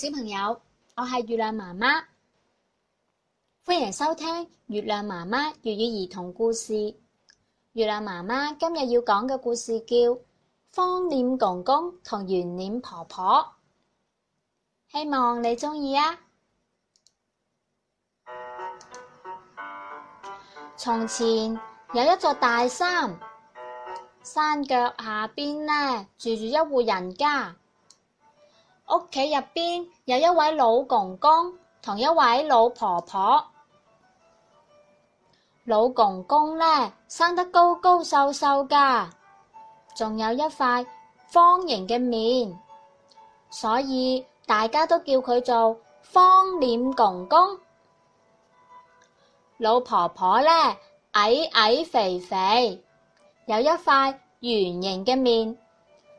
小朋友，我係月亮媽媽，歡迎收聽月亮媽媽粵語兒童故事。月亮媽媽今日要講嘅故事叫《方臉公公同圓臉婆婆》，希望你鍾意啊！從前有一座大山，山腳下邊呢住住一戶人家。屋企入邊有一位老公公同一位老婆婆。老公公呢，生得高高瘦瘦噶，仲有一塊方形嘅面，所以大家都叫佢做方臉公公。老婆婆呢，矮矮肥肥，有一塊圓形嘅面，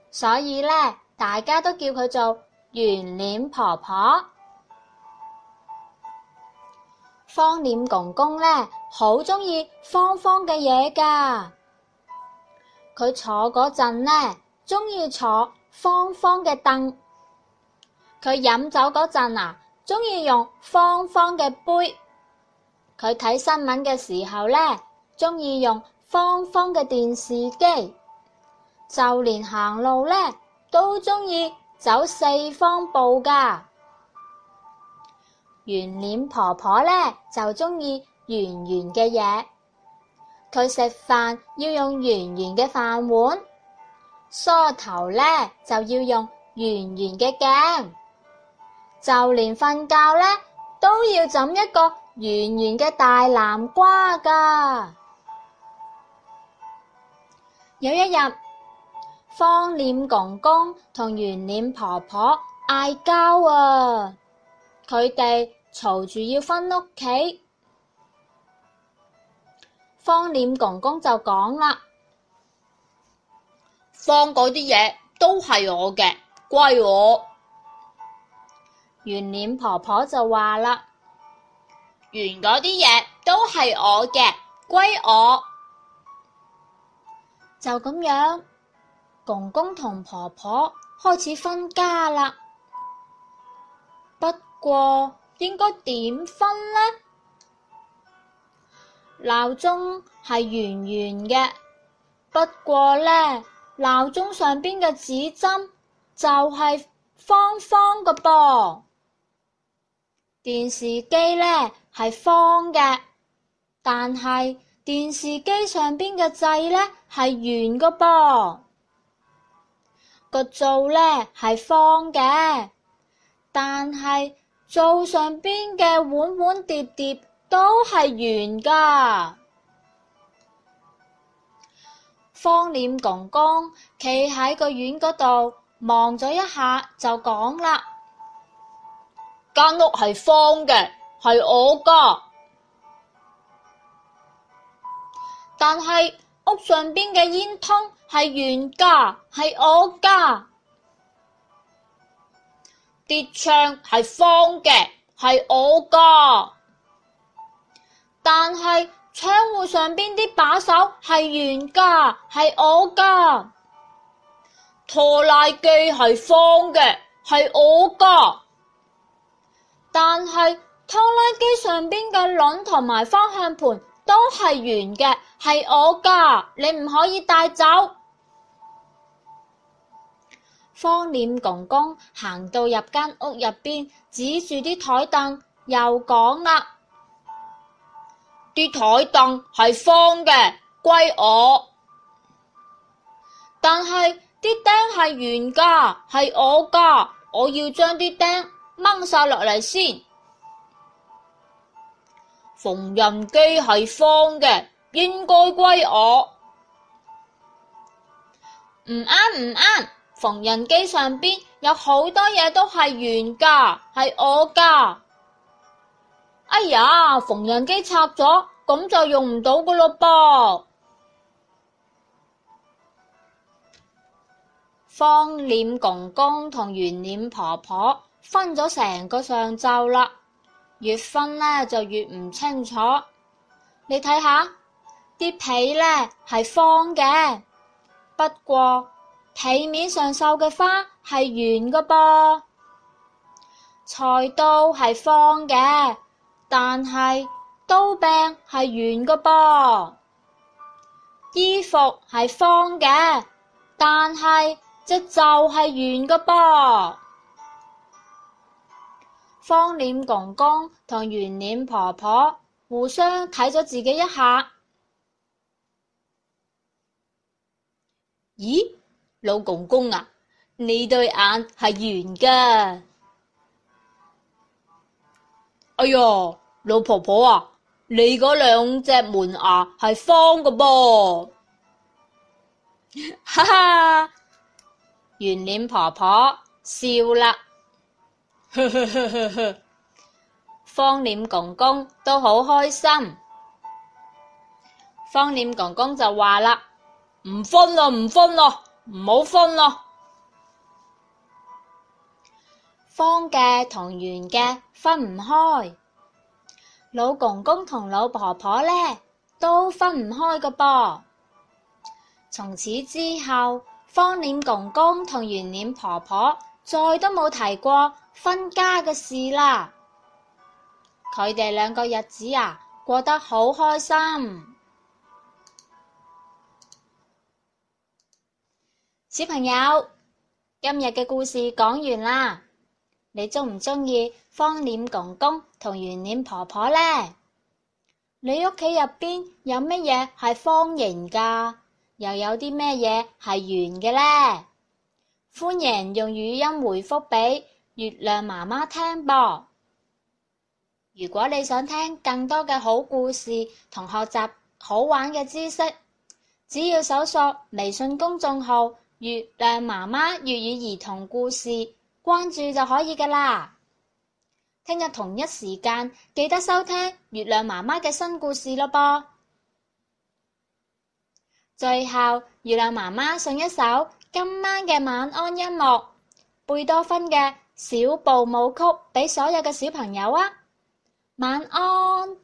所以呢，大家都叫佢做。圓臉婆婆。方臉公公呢，好中意方方嘅嘢噶。佢坐嗰陣呢，中意坐方方嘅凳。佢飲酒嗰陣啊，中意用方方嘅杯。佢睇新聞嘅時候呢，中意用方方嘅電視機。就連行路呢，都中意。走四方步噶，圓臉婆婆呢就鍾意圓圓嘅嘢，佢食飯要用圓圓嘅飯碗，梳頭呢就要用圓圓嘅鏡，就連瞓覺呢都要枕一個圓圓嘅大南瓜噶。有一日。方臉公公同圓臉婆婆嗌交啊！佢哋嘈住要返屋企，方臉公公就講啦：方嗰啲嘢都係我嘅，歸我。圓臉婆婆就話啦：圓嗰啲嘢都係我嘅，歸我。就咁樣。公公同婆婆開始分家啦。不過應該點分呢？鬧鐘係圓圓嘅，不過呢鬧鐘上邊嘅指針就係方方嘅噃。電視機呢係方嘅，但係電視機上邊嘅掣呢係圓嘅噃。個灶呢係方嘅，但係灶上邊嘅碗碗碟碟碟都係圓噶。方臉公公企喺個院嗰度望咗一下就講啦：間屋係方嘅，係我噶，但係。屋上邊嘅煙通係圓㗎，係我㗎；啲窗係方嘅，係我㗎。但係窗戶上邊啲把手係圓㗎，係我㗎。拖拉機係方嘅，係我㗎。但係拖拉機上邊嘅輪同埋方向盤，都係圓嘅，係我噶，你唔可以帶走。方臉公公行到入間屋入邊，指住啲台凳，又講啦：啲台凳係方嘅，歸我。但係啲釘係圓噶，係我噶，我要將啲釘掹晒落嚟先。縫紉機係方嘅，應該歸我。唔啱唔啱，縫紉機上邊有好多嘢都係圓噶，係我噶。哎呀，縫紉機拆咗，咁就用唔到噶咯噃。方臉公公同圓臉婆婆分咗成個上晝啦。越分呢就越唔清楚。你睇下啲被呢，係方嘅，不過被面上繡嘅花係圓嘅噃。菜刀係方嘅，但係刀柄係圓嘅噃。衣服係方嘅，但係隻袖係圓嘅噃。方臉公公同圓臉婆婆互相睇咗自己一下。咦，老公公啊，你對眼係圓㗎。哎唷，老婆婆啊，你嗰兩隻門牙係方㗎噃。哈哈，圓臉婆婆笑啦。呵呵呵呵呵， 方臉公公都好開心。方臉公公就話啦：唔分喇，唔分喇，唔好分喇。方嘅同圓嘅分唔開，老公公同老婆婆呢都分唔開㗎噃。從此之後，方臉公公同圓臉婆婆再都冇提過分家嘅事啦。佢哋兩個日子啊過得好開心。小朋友，今日嘅故事講完啦。你鍾唔鍾意方臉公公同圓臉婆婆呢？你屋企入邊有乜嘢係方形噶？又有啲咩嘢係圓嘅呢？歡迎用語音回復俾月亮媽媽聽噃。如果你想聽更多嘅好故事同學習好玩嘅知識，只要搜索微信公眾號《月亮媽媽粵語兒童故事》，關注就可以噶啦。聽日同一時間記得收聽月亮媽媽嘅新故事咯噃。最後，月亮媽媽送一首。今晚嘅晚安音樂，貝多芬嘅小步舞曲，俾所有嘅小朋友啊，晚安。